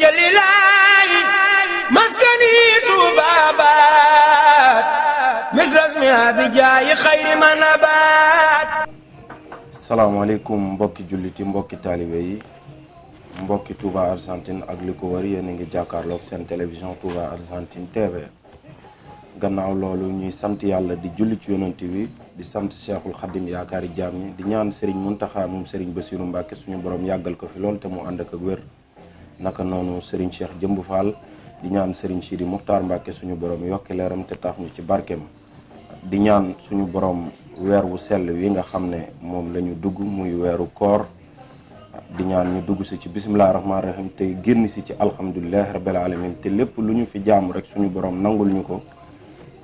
وجليلاي مسكني طوبابات مثل اسمها بجاي خير ما نبات salaamaaleykum mbokki julliti mbokki taalibe yi mbokki Touba Argentine ak li ko wër yéen a ngi jàkkaarlook seen télévision Touba Argentine TV gannaaw loolu ñuy sant yàlla di julli ci yonent bi di sant Cheikhul Khadim yaakaari jaam ñi di ñaan Serigne Mountakha moom Serigne Bassirou Mbacke suñu borom yàggal ko fi lool te mu ànd ak ak naka noonu Serigne Cheikh Jëmb Fall di ñaan Serigne Sidi Muxtaar Mbàkke suñu borom yokki te taaf ñu ci barkeem di ñaan suñu boroom weer wu sell wi nga xam ne moom lañu dugg muy weeru koor di ñaan ñu dugg si ci bisimilah rahmaani rahim tey génn si ci alhamdulilah rabil alamin te lépp lu ñu fi jaamu rek suñu borom nangul ñu ko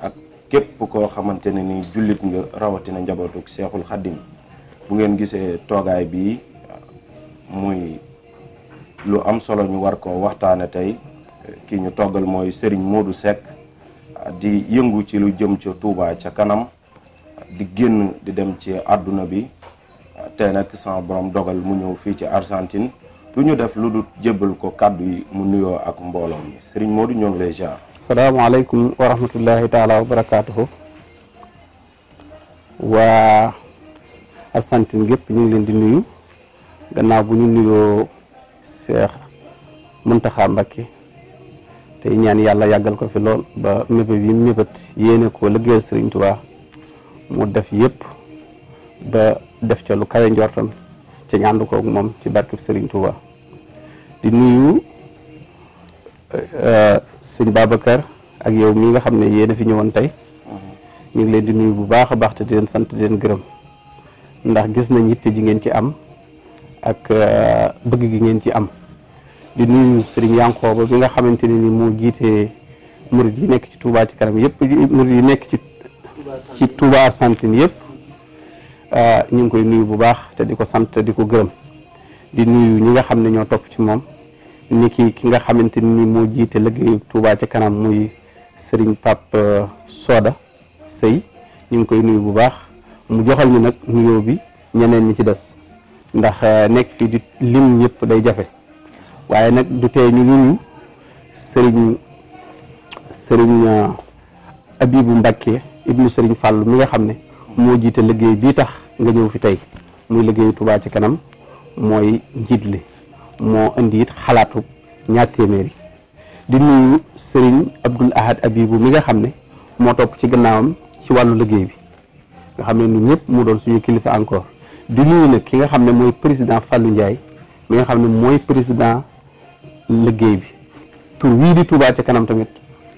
ak képp ko xamante ne ni jullit nga rawatina njabootuk seexul xaddim bu ngeen gisee toogaay bii muy lu am solo ñu war ko waxtaane tey ki ñu toggal mooy sëriñ moo du Seck di yëngu ci lu jëm ca tuubaa ca kanam di génn di dem ci àdduna bi tey nag sama borom dogal mu ñëw fii ci Argentine lu ñu def lu dul jébbal ko kàddu yi mu nuyoo ak mbooloom mi Serigne Modou ñoo ngi lay jaar. salaamaaleykum wa rahmatullahi taala wa barakaatuhu waa Argentine gépp ñu ngi leen di nuyu gannaaw bu ñu nuyoo. Cheikh Mountakha Mbacké tey ñaan yàlla yàggal ko fi lool ba mébét yi mébét yéene koo liggéeyal Serigne Touba mu def yépp ba def ca lu kawe njortam ci ñànd koog moom ci barkeb Serigne Touba di nuyu euh, sëñ Babacar ak yow mii nga xam ne yéen fi ñëwoon tey mhm. ñu ngi leen di nuyu bu baax a baax te di sant di leen gërëm ndax gis nañ yitte ji ngeen ci am. ak euh, bëgg gi ngeen ci am di nuyu sëriñ Yankooba bi nga xamante ne ni moo jiite murid yi nekk ci Touba ci kanam yëpp murid yi nekk ci ci Touba Argentine yëpp euh, ñu ngi koy nuyu bu baax te di ko sant te di ko gërëm di nuyu ñi nga xam ne ñoo topp ci moom ni ki ki nga xamante ni moo jiite liggéeyu Touba ci kanam muy sëriñ Pape euh, Soda sëy ñu ngi koy nuyu bu baax mu joxal ñu nag nuyoo bi ñeneen ñi ci des ndax eh, nekk fi di lim ñëpp day jafe waaye nag du tey ñu ñu sëriñ sëriñ eh, Abibu Mbàkke ibnu sëriñ Fàllu mi nga xam ne moo jiite liggéey bii tax nga ñëw fi tey muy liggéey Touba ci kanam mooy njiit li moo indi it xalaatu ñaar téeméeri di nuyu sëriñ Abdul Ahad Abibu mi nga xam ne moo topp ci gannaawam ci wàllu liggéey bi nga xam ne ñun ñëpp mu doon suñu kilifa encore di nuyu nag ki nga xam ne mooy président Fallou Ndiaye mi nga xam ne mooy président liggéey bi tur wii di Touba ca kanam tamit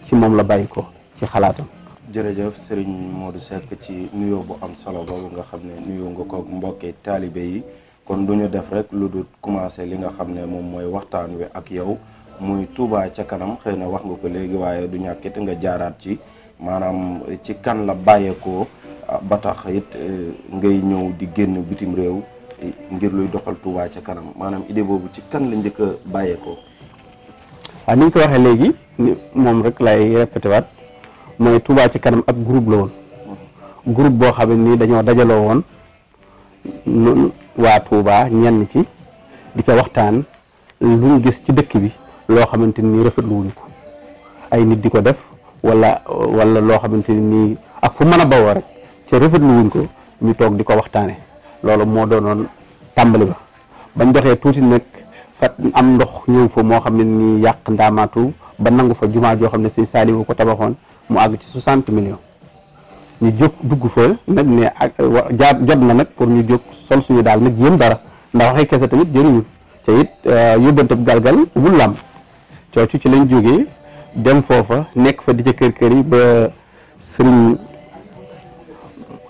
ci moom la bàyyi ko ci xalaatam. jërëjëf sëriñ Modou Seck ci nuyoo bu am solo boobu nga xam ne nuyoo nga ko mbokkee taalibe yi kon du ñu def rek lu dul commencé li nga xam ne moom mooy waxtaan wi ak yow muy Touba ca kanam xëy na wax nga ko léegi waaye du ñàkkit nga jaaraat ci maanaam ci kan la bàyyeekoo. ba tax it eh, ngay ñëw di génn bitim réew eh, ngir luy doxal Touba ca kanam maanaam idée boobu ci kan la njëkk a bàyyeekoo. waaw ah, ni ñu ko waxee léegi moom rek lay répété waat mooy Touba ci kanam ak groupe la woon. Mm-hmm. groupe boo xam ne dañoo dajaloo woon ñun waa Touba ñenn ci di ca waxtaan luñ gis ci dëkk bi loo xamante ni rafetlu wuñ ko ay nit di ko def wala wala loo xamante ni ak fu mën a bawoo rek. ca rafetlu wuñ ko ñu toog di ko waxtaane loolu moo doonoon tàmbali ba bañ doxee tuuti nag fa am ndox ñëw fa moo xam ne ni yàq ndaamaatu ba nangu fa jumaa joo xam ne sëñ Saaliwu ko tabaxoon mu àgg ci 60 millions ñu jóg dugg fa nag ne ak jaa jot na nag pour ñu jóg sol suñu daal nag yéem dara ndax waxee kese tamit jëriñu te it euh, yóbbantab galgal wul lam coocu ci lañ jógee dem foofa nekk fa di ca kër kër yi ba sëriñ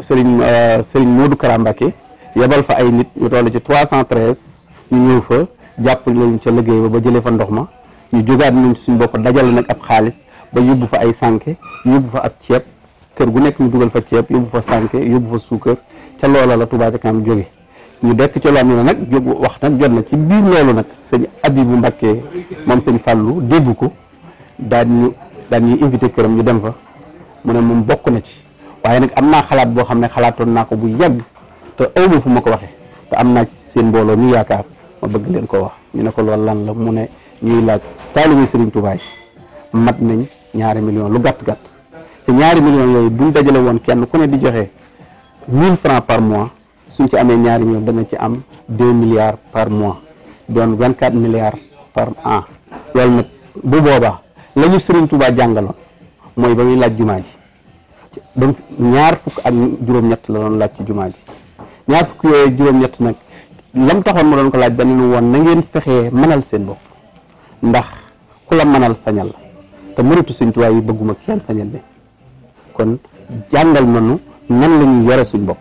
Serigne euh, Serigne Modou Kara Mbacké yebal fa ay nit ñu toll ci 313 ñu ñëw fa jàpp lañu ca liggéey ba ba jëlee fa ndox ma ñu jógaat ñun suñ bopp dajal nag ab xaalis ba yóbbu fa ay sànke yóbbu fa ab ceeb kër gu nekk ñu dugal fa ceeb yóbbu fa sànke yóbbu fa suukar ca loola la Touba ca kanam jóge ñu dekk ci loo nag jóg wax nag jot na ci biir loolu nag sëñ bu mbakkee moom sëñ Fallou dégg ko daan ñu daan ñuy invité këram ñu dem fa mu ne moom bokk na ci waaye nag am naa xalaat boo xam ne xalaatoon naa ko bu yàgg te aw fu ma ko waxee te am naa ci seen mbooloo ñu yaakaar ma bëgg leen ko wax ñu ne ko loolu lan la mu ne ñuy laaj taalibe Serigne Touba yi mat nañ ñaari million lu gàtt gàtt te ñaari million yooyu buñ dajale woon kenn ku ne di joxe 1000 francs par mois suñ ci amee ñaari million dana ci am 2 milliards par mois doon 24 milliards par an loolu nag bu boobaa la ñu Serigne Touba jàngaloon mooy ba muy laaj jumaa ji ba ñaar fukk ak juróom-ñett la doon laaj ci jumaa ji ñaar fukk yooyu juróom-ñett nag lam taxoon mu doon ko laaj dañu woon na ngeen fexee mënal seen bopp ndax ku la mënal sañal te mënatu suñ yi bëgguma kenn sañal ne kon jàngal nanu nan la ñu yore suñ bopp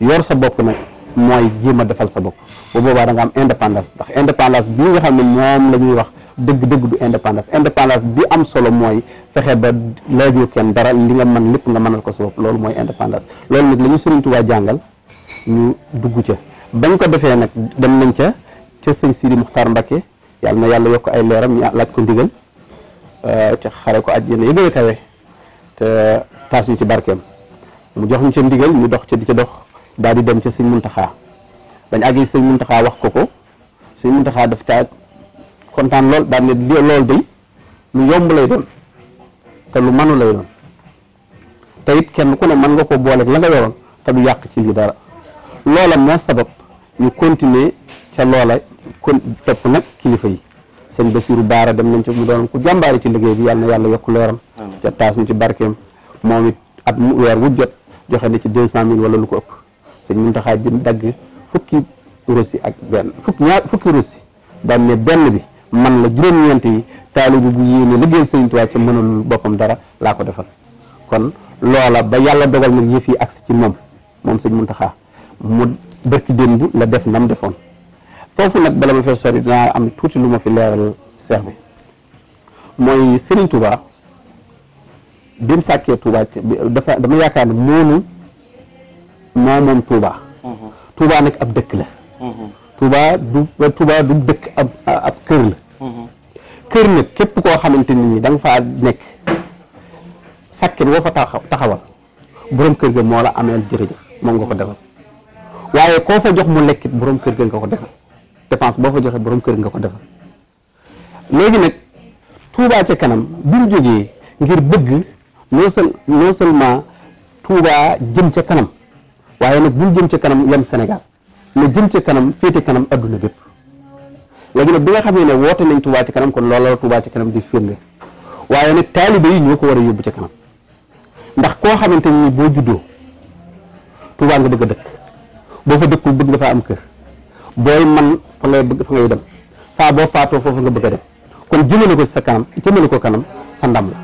yor sa bopp nag mooy jéem a defal sa bopp bu boobaa da am indépendance ndax indépendance nga xam ne moom la wax dëgg-dëgg du indépendance indépendance bi am solo mooy fexe ba laajoo kenn dara li nga man lépp nga mënal ko sa loolu mooy indépendance loolu nag la ñu Sëriñ jàngal ñu dugg ca bañ ko defee nag dem nañ ca ca sëñ si Sidi Muxtaar Mbakke yàlla na yàlla yokk ay leeram ñu laaj ko ndigal euh, ca xare ko àjjana yëgale kawe te taas ñu ci barkeem mu jox ñu ca ndigal ñu dox ca di ca dox daal di dem ca sëñ Muntaxaa bañ àggee sëñ Muntaxaa wax ko ko sëñ Muntaxaa daf caa kontaan lool daal ne loolu day lu yomb lay doon te lu manu lay doon te it kenn ku ne mën nga ko booleeg la nga weroon te du yàq ci li dara loola moo sabab ñu continuer ca loola kon topp nag kilifa yi sëñ Basiru Baara dem nañ ci mu doon ku jàmbaari ci liggéey bi yàlla na yàlla yokk leeram ca taas ñu ci barkeem moom it at mu weer wu jot joxe na ci deux cent mille wala lu ko ëpp sëñ Muntaxa jën dagg fukki russi ak benn fukki ñaar fukki benn bi man la juróom-ñeent yi taalibu bu yéene liggéeyal Sëriñ Tuubaa ci mënalul boppam dara laa ko defal kon loola ba yàlla dogal nag yëf yi agsi ci moom moom sëñ Muntaxa mu bërki démb la def nam defoon foofu nag bala ma fee sori dinaa am tuuti lu ma fi leeral seex bi mooy Sëriñ Tuubaa bi mu sàkkee Tuubaa dafa dama yaakaar ne moonu moo moom Tuubaa mm-hmm. Tuubaa nag ab dëkk la mm-hmm. Tuubaa du Tuubaa du dëkk ab ab kër la kër nag képp koo xamante ni nii da nga faa nekk sakkin woo fa taxawal borom kër ga moo la amee jërëjëf moom nga ko defal waaye koo fa jox mu lekkit boroom kër ga nga ko defal dépense boo fa joxe boroom kër nga ko defal léegi nag Touba ca kanam bi mu jógee ngir bëgg non seul non seulement Touba jëm ca kanam waaye nag bu jëm ca kanam yam Sénégal mais jëm ca kanam féete kanam adduna bépp léegi nag bi nga xamee ne woote nañ Touba ci kanam kon loolu la Touba ci kanam di firnde waaye nag taalibe yi ñoo ko war a yóbbu ci kanam ndax koo xamante ni boo juddoo Touba nga bëgg a dëkk boo fa dëkkul bëgg nga fa am kër booy man fa ngay bëgg fa ngay dem saa boo faatoo foofu nga bëgg a dem kon jëmale ko sa kanam jëmale ko kanam sa ndam la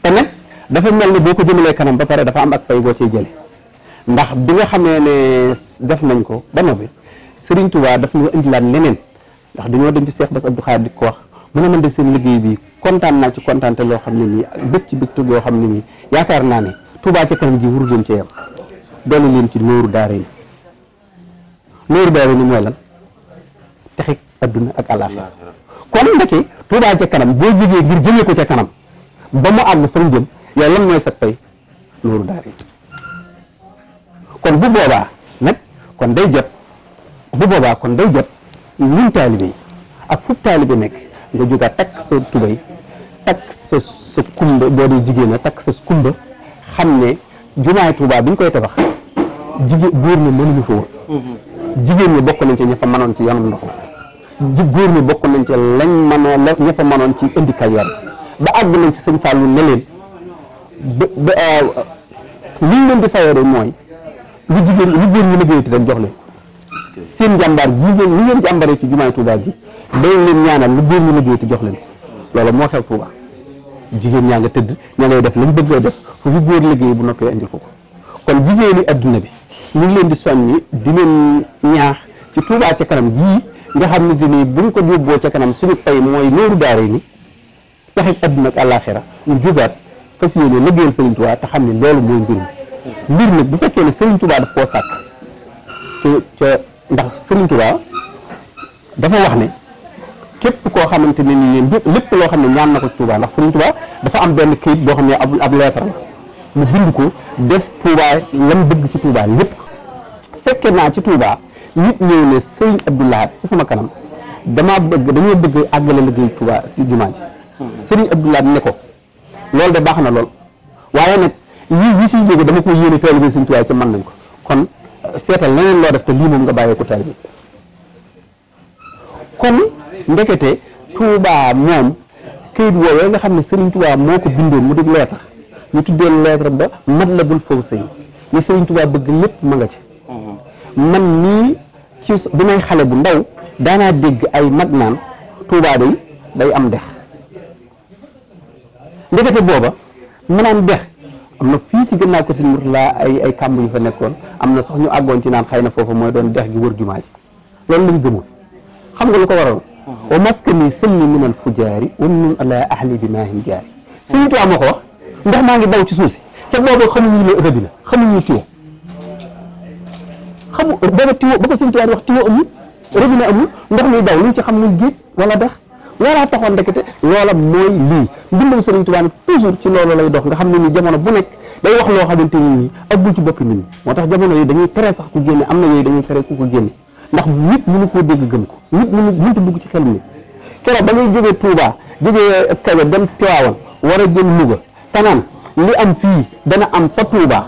te nag dafa mel ni boo ko jëmalee kanam ba pare dafa am ak pay goo cee jële ndax bi nga xamee ne def nañ ko ba noppi Serigne Touba daf ñu indilaat ndax dañoo dem ci Seex Bass Abdou Khadre di ko wax mu ne man de seen liggéey bi kontaan naa ci kontaan te loo xam ne nii bëgg ci bëgg yoo xam ne nii yaakaar naa ne Touba ca kanam ji wuru leen ci yam ci nooru daara yi nooru daara ak àllaaxira kon ca kanam boo jógee ngir jëmee ko ca kanam ba mu àgg fa mu jëm yow lan mooy sa pay nooru daara kon bu boobaa nag kon day jot bu boobaa kon day jot ñun taalibe yi ak fu taalibe nekk nga jóg a takk sa tubay takk sa sa kumba boo dee jigéen a takk sa kumba xam ne jumaay Tuubaa bi ñu koy tabax jigéen góor ñi mënuñu fa woon jigéen ñi bokk nañ ca ña ci yanum ndox ji góor ñi bokk nañ ca lañ mënoon la ña fa mënoon ci indi kayaar ba àgg nañ ci sëñ Fallou ne leen ba ba ah, liñ leen di fayee mooy lu jigéen lu jox leen seen jàmbaar ji ngeen li ngeen jàmbaree ci jumaay Touba ji dañ leen ñaanal lu góor mën a jóoti jox leen moo xew Touba jigéen ñaa nga tëdd ña def lañ bëgg a def fu fi góor bu noppee andil ko ko kon jigéen yi adduna bi ñu ngi leen di soññi di leen ñaax ci Touba ca kanam nga xam ne ni buñ ko yóbboo ca kanam suñu pay mooy nooru daare ni taxit adduna ak ñu jógaat fas yéene liggéeyal Serigne Touba xam ne loolu mooy mbir mi mbir nag bu fekkee ne Serigne Touba daf koo sàkk ca ca ndax Serigne Touba dafa wax ne képp koo xamante ne nii lépp loo xam ne ñaan na ko ci Touba ndax Serigne Touba dafa am benn kayit boo xam ne ab ab lettre la mu bind ko def Touba lam bëgg ci Touba lépp fekke naa ci Touba nit ñëw ne Serigne Abdoulaye ci sama kanam damaa bëgg dañoo bëgg àggale liggéey Touba jumaa ji Serigne Abdoulaye ne ko loolu de baax na lool waaye nag yii yi ciy jóge dama ko yéene teelu bi Serigne Touba ci mën nañ ko kon seetal leneen loo def te lii moom nga bàyyeeku taal bi kon ndekete Touba moom këyit woowee nga xam ne Serigne Touba moo ko bindoon mu dugg lettre ñu tuddee lettre ba mat la bul faw sëy ne Serigne Touba bëgg lépp ma nga ci man nii ci bi may xale bu ndaw daanaa dégg ay mag naan Touba day day am dex ndekete booba mu dex am na fii ci gannaaw ko sëñ Murtala ay ay kàmb yu fa nekkoon am na sox ñu àggoon ci naan xay na foofu mooy doon dex gi wër jumaa ji loolu lañ gëmoon xam nga lu ko waroon uh-huh. wa maskani sëlni min al fujaari wa nun ala ahli bi maahin jaari sëñ Tuubaa moo ko wax ndax maa ngi daw ci si ca boobu xamuñu ne rëbi la xamuñu tiwo xamu booba tiwo ba ko sëñ Tuubaa wax tiwo amul rëbi la amul mi daw ñu ci xam muy géej wala dex loolaa taxoon ndekete loola mooy lii ndimbal Sëriñ Tuubaa nag toujours ci loolu lay dox nga xam ne ni jamono bu nekk day wax loo xamante ni nii aggul ci boppi nit moo tax jamono yi dañuy tere sax ku génne am na yooyu dañuy tere ku ko génne ndax nit mënu koo dégg gëm ko nit mënu mënta dugg ci xel mi keroog ba ngay jógee Touba jógee Kajoor dem a jël Louga tanaan li am fii dana am fa Touba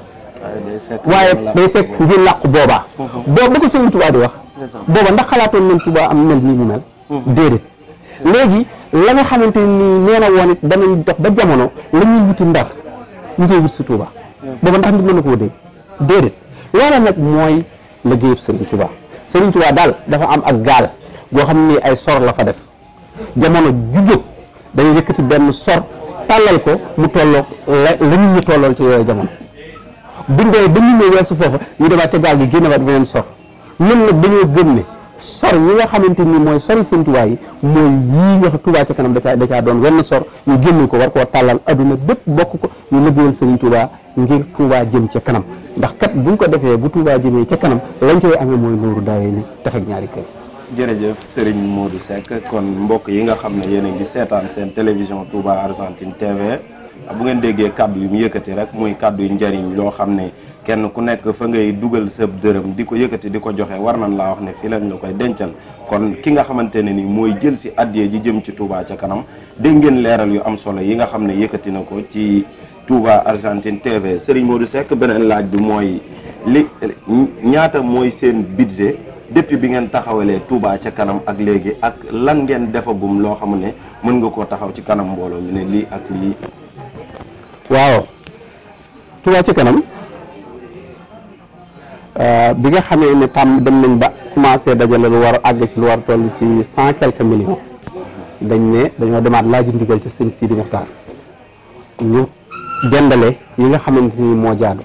waaye day fekk ngeen làqu boobaa boobu da ko Sëriñ Tuubaa di wax booba ndax xalaatoon nañ Touba am mel nii mu mel déedéet léegi langa xamante ni nee na woon it danañ dox ba jamono la ñuy wuti ndar ñu koy wut si Touba booba ndax nit mën na koo dee déedéet loola nag mooy liggéeyub Serigne Touba Serigne Touba daal dafa am ak gaal goo xam ni ay sor la fa def jamono ju jóg dañuy yëkkati benn sor tàllal ko mu tolloog la la ñu tollool ci yooyu jamono bindee ba ñu ne weesu foofa ñu demaat ca gaal gi génnewaat beneen sor mën nag dañoo gëm sor yi nga xamante ni mooy sori seen Tuubaa yi mooy yii nga Tuubaa ca kanam da caa doon wenn sor ñu génn ko war koo tàllal adduna bépp bokk ko ñu lëggéeyal Sëriñ Tuubaa ngir Tuubaa jëm ca kanam ndax kat buñ ko defee bu Tuubaa jëmee ca kanam lañ cay amee mooy nooru daayee ni tefek ñaari kër jërëjëf moo Modou Seck kon mbokk yi nga xam ne yéen a ngi seetaan seen télévision Touba Argentine TV bu ngeen déggee kàddu yu mu yëkkati rek muy kàddu yu njëriñ loo xam ne kenn ku nekk fa ngay dugal sa dërëm di ko yëkkati di ko joxe war nañ laa wax ne fii lañ la koy dencal kon ki nga xamante ne ni mooy jël si addiya ji jëm ci Touba ca kanam dégg ngeen leeral yu am solo yi nga xam ne yëkkati na ko ci Touba Argentine TV Serigne Modou sekk beneen laaj bi mooy li ñaata mooy seen budget depuis bi ngeen taxawalee Touba ca kanam ak léegi ak lan ngeen defagum loo xam ne mën nga koo taxaw ci kanam mbooloo mi ne lii ak lii. waaw Euh, bi nga xamee ne tàmm dem nañ ba commencé dajale lu war a àgg ci lu war a toll ci cent quelques millions dañ ne dañoo demaat laaj ndigal ci sëñ Sidi Moxtaar ñu dendale yi nga xamante ni moo jaadu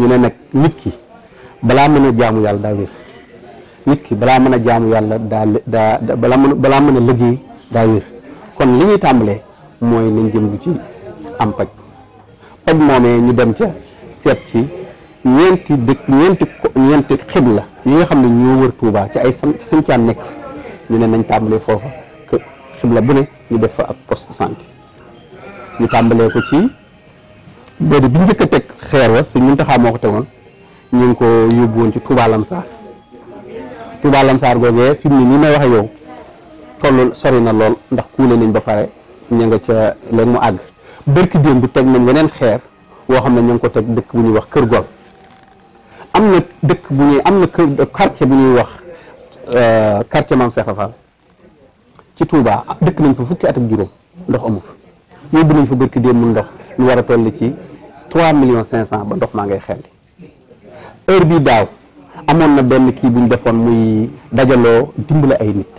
ñu ne nag nit ki balaa mën a jaamu yàlla daal nit ki balaa mën a jaamu yàlla daa daa balaa mën mën a liggéey daa wér kon li ñuy tàmbalee mooy nañ jëm ci am paj paj moomee ñu dem ca seet ci ñeenti dëkk ñeenti ñeenti xibla yi nga xam ne ñoo wër Touba ci ay sancaan nekk ñu ne nañ tàmbalee foofa que xibla bu ne ñu def fa ak post santé ñu tàmbalee ko ci bëri bi njëkk teg xeer wa mu Muntaxa moo ko tegoon ñu ngi ko yóbbu woon ci Touba Lamsaar Touba Lamsaar googee fi mu ne nii may waxe yow tollul sori na lool ndax kuule nañ ba pare ñu nga ca léegi mu àgg bërki démb bu teg nañ weneen xeer woo xam ne ñu ngi ko teg dëkk bu ñuy wax Kër Gol am na dëkk bu ñuy am na quartier bu ñuy wax euh, quartier Maam Cheikh Fall ci Touba dëkk nañ fa fukki at ak juróom ndox amu fa yóbbu nañ fa barki démb ndox lu war a toll ci trois millions cinq cent ba ndox maa ngay xelli heure bii daaw amoon na benn kii bu defoon muy dajaloo dimbale ay nit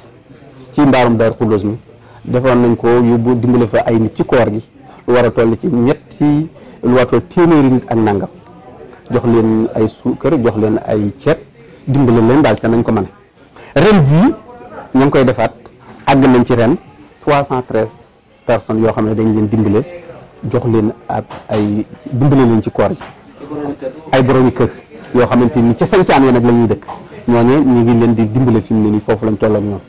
ci mbaarum Daaru Xudoos mi defoon nañ ko yóbbu dimbale fa ay nit ci koor gi lu war a toll ci ñetti lu war a téeméeri nit ak nangam jox leen ay kër jox leen ay ceeb dimbale leen daal ca nañ ko mën ren jii ñu ngi koy defaat àgg nañ ci ren 313 personnes yoo xam ne dañ leen dimbale jox leen ak ay dimbale leen ci koor gi ay boroomi kër yoo xamante ni ca sancaan ya nag la ñuy dëkk ñooñu ñu ngi leen di dimbale fi ne nii foofu lañ toll ak ñoom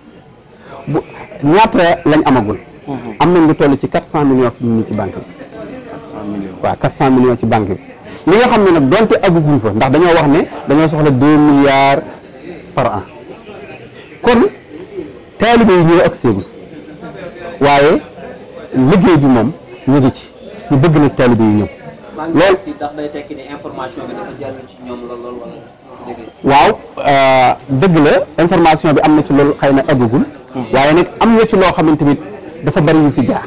bu ñaata lañ amagul. Mhm. am nañ lu toll ci 400 millions fi mu ne nii ci banque bi. 400 millions waaw ci banque bi. li nga xam ne nag donte agguñ fa ndax dañoo wax ne dañoo soxla deux milliards par an kon taalibe yi ñëw ak waaye liggéey bi moom ñu ngi ci ñu bëgg nag taalibe yi ñëw. bi waaw euh, dëgg la information bi am na ci loolu xay na aggagul. waaye nag am na ci loo xamante ni dafa bari yu fi jaar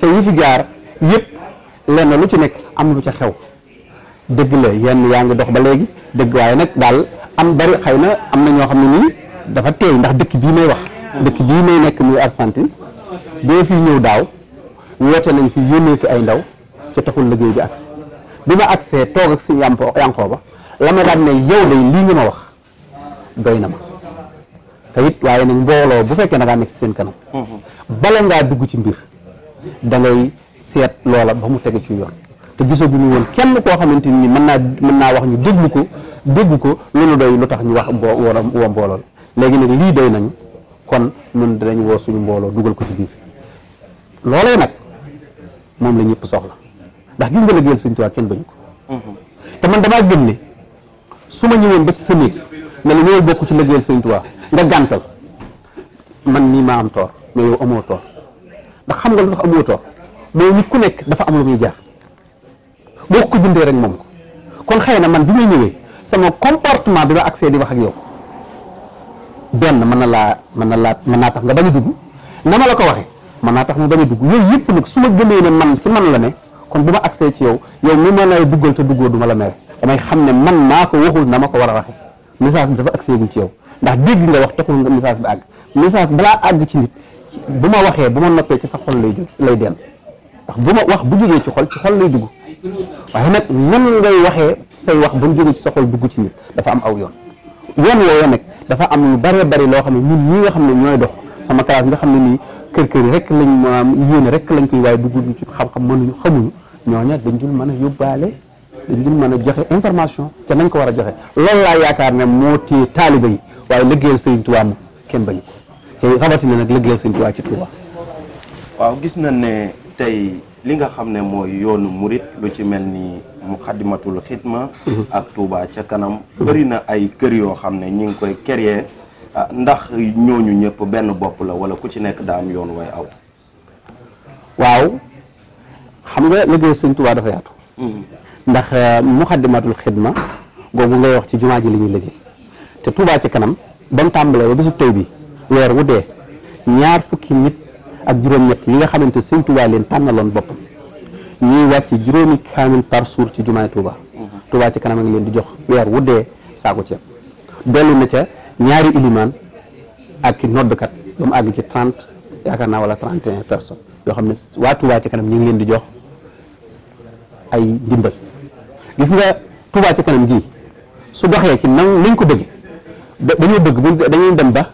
te yu fi jaar yëpp. lenn lu ci nekk am lu ca xew dëgg la yenn yaa ngi dox ba léegi dëgg waaye nag daal am bari xay na am na ñoo xam ne nii dafa teey ndax dëkk bii may wax dëkk bii may nekk muy Argentine boo fi ñëw daaw woote nañ fi yónnee fi ay ndaw ca taxul liggéey bi agsi bi ma agsee toog ak si yàmpo yànqoo ba la ma daan ne yow day lii nga ma wax doy na ma te it waaye nag mbooloo bu fekkee da ngaa nekk ci seen kanam mhm. bala ngaa dugg ci mbir da seet loola ba mu tege ci yoon te bi nu woon kenn koo xamante ni mën naa mën naa wax ñu déglu ko dégg ko loolu doy lu tax ñu wax mbo woo mbooloo léegi nag lii doy nañu kon mun dinañ woo suñu mbooloo dugal ko ci biir loolee nag moom la ñëpp soxla ndax gis nga liggéeyal Sëñ Tuubaa kenn bañu ko mm-hmm. te man damaa gëm ne su ma ñëwoon ba ci sa néeg ne la ñooy bokk ci liggéeyal Sëñ Tuubaa nga gàntal man nii maa am toor mais yow amoo toor ndax xam nga lu tax amoo mais nit ku nekk dafa am lu muy jaar boo ko jëndee rek moom ko kon xëy na man bi may ñëwee sama comportement bi ma accès di wax ak yow benn man na laa mën na laa mën naa tax nga bañ a dugg na ma la ko waxee mën naa tax mu bañ a dugg yooyu yëpp nag su ma gëmee ne man ci man la ne kon bu ma accès ci yow yow mi ma lay duggal te duggoo du la mere damay xam ne man maa ko waxul na ma ko war a waxee message bi dafa accès gu ci yow ndax dégg nga wax taxul nga message bi àgg message balaa àgg ci bu ma waxee bu ma noppee ci sa xol lay lay dellu. ndax bu ma wax bu jógee ci xol ci xol lay dugg waaye nag nan ngay waxee say wax ba mu jógee ci sa xol dugg ci nit dafa am aw yoon yoon woowu nag dafa am lu bëree bëri loo xam ne ñun ñii nga xam ne ñooy dox sama classe nga xam ne nii kër kër rek lañ maanaam yéene rek lañ koy waaye dugg ci xam-xam mënuñu xamuñu ñooña dañ dul mën a yóbbaale dañ dul mën a joxe information te nañ ko war a joxe loolu laa yaakaar ne moo téye taaliba yi waaye liggéeyal Sëriñ Tuubaa moom kenn bañu ko te rawatina nag liggéeyal Sëriñ Tuubaa ci Tuubaa waaw tey li nga xam ne mooy yoonu murit lu ci mel ni Muxaddamatul Xidma mhm. ak Touba ca kanam bëri na ay kër yoo xam ne ñi ngi koy créer ah, ndax ñooñu ñëpp benn bopp la wala ku ci nekk daa am yoon way aw waaw xam nga liggéey sëñ Touba dafa yaatu mhm. ndax euh, Muxaddamatul Xidma googu ngay wax ci jumaa ji li ñuy liggéey te Touba ca kanam ba mu tàmbalee ba bisu tey bi weer wu ñaar fukki nit ak juróom-ñett ñi nga xamante Sëñ Tuubaa leen tànnaloon boppam ñuy wàcc juróomi kaamil par jour ci jumaay Tuubaa mhm. Tuubaa ci kanam a leen di jox weer wu dee saako ceeb dolli na ca ñaari ilimaan ak noddkat ba mu àgg ci trente yaakaar naa wala trente yoo xam ne waa Tuubaa ci kanam ñu ngi leen di jox ay ndimbal gis nga Tuubaa ci kanam gii su doxee ci nan lañ ko bëgg dañoo bëgg dañuy dem ba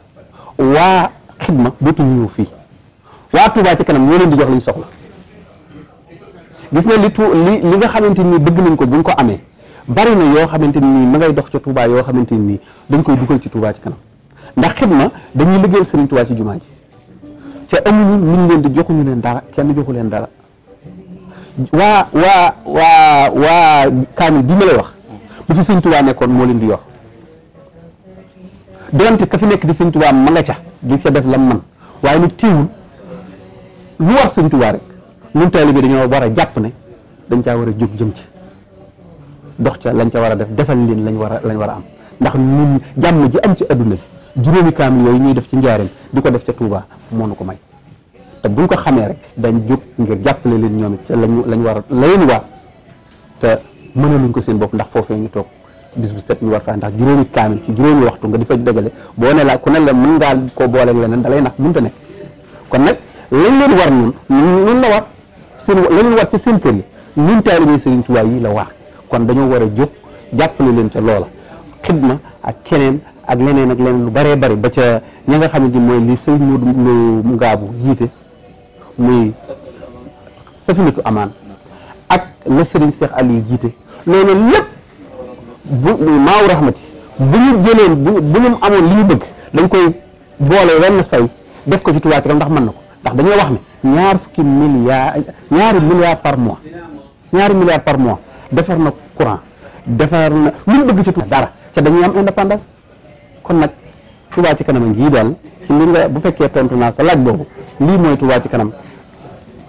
waa xidma dootuñu ñëw fii waa Touba ci kanam ñoo leen di jox liñ soxla gis na li tu li li nga xamante ni bëgg nañ ko buñ ko amee bari na yoo xamante ni ma ngay dox ca Touba yoo xamante ni dañ koy dugal ci Touba ci kanam ndax na dañuy liggéeyal Serigne Touba ci jumaa ji ca amuñu luñ leen di joxuñu leen dara kenn joxu leen dara waa waa waa waa kaamil ma lay wax bu fi Serigne Touba nekkoon moo leen di yor donte ka fi nekk di Serigne Touba ma nga ca di ca def lam waaye nag teewul. lu war sëñ Tuubaa rek ñun taalibe bi dañoo war a jàpp ne dañ caa war a jóg jëm ci dox ca lañ ca war a def defal leen lañ war a lañ war a am ndax ñun jàmm ji am ci adduna bi juróomi kaamil yi ñuy def ci njaareem di ko def ca Touba moo na ko may te buñ ko xamee rek dañ jóg ngir jàppale leen ñoom it lañ lañ war a leen waar te mënaluñ ko seen bopp ndax foofee ñu toog bis bu set ñu war faa ndax juróomi kaamil ci juróomi waxtu nga di fa dëggale boo ne la ku ne la mën ngaa koo leneen da lay nax mënta nekk lañ leen war ñun ñun la war seen la leen war ci seen kër yi ñun taalibe Sëriñ Tuubaa yi la war kon dañoo war a jóg jàppale leen ca loola xidma ak keneen ak leneen ak leneen lu bëree bëri ba ca ña nga xamante ni mooy li sëriñ mu gaabu jiite muy safinatu amaan ak la sëriñ Seex Aliou jiite loolu lépp bu maaw rahmati bu ñu jëleen bu ñu amoon li bëgg dañ koy boole wenn say def ko ci Touba Ca Kanam ndax mën na ko ndax dañoo wax ne ñaar fukki milliards ñaari milliards par mois ñaari milliards par mois defar na courant defar na lu bëgg ci Touba dara ca dañuy am indépendance kon nag Touba ci kanam a ngi daal ci bu fekkee tontu naa sa laaj boobu lii mooy Touba ci kanam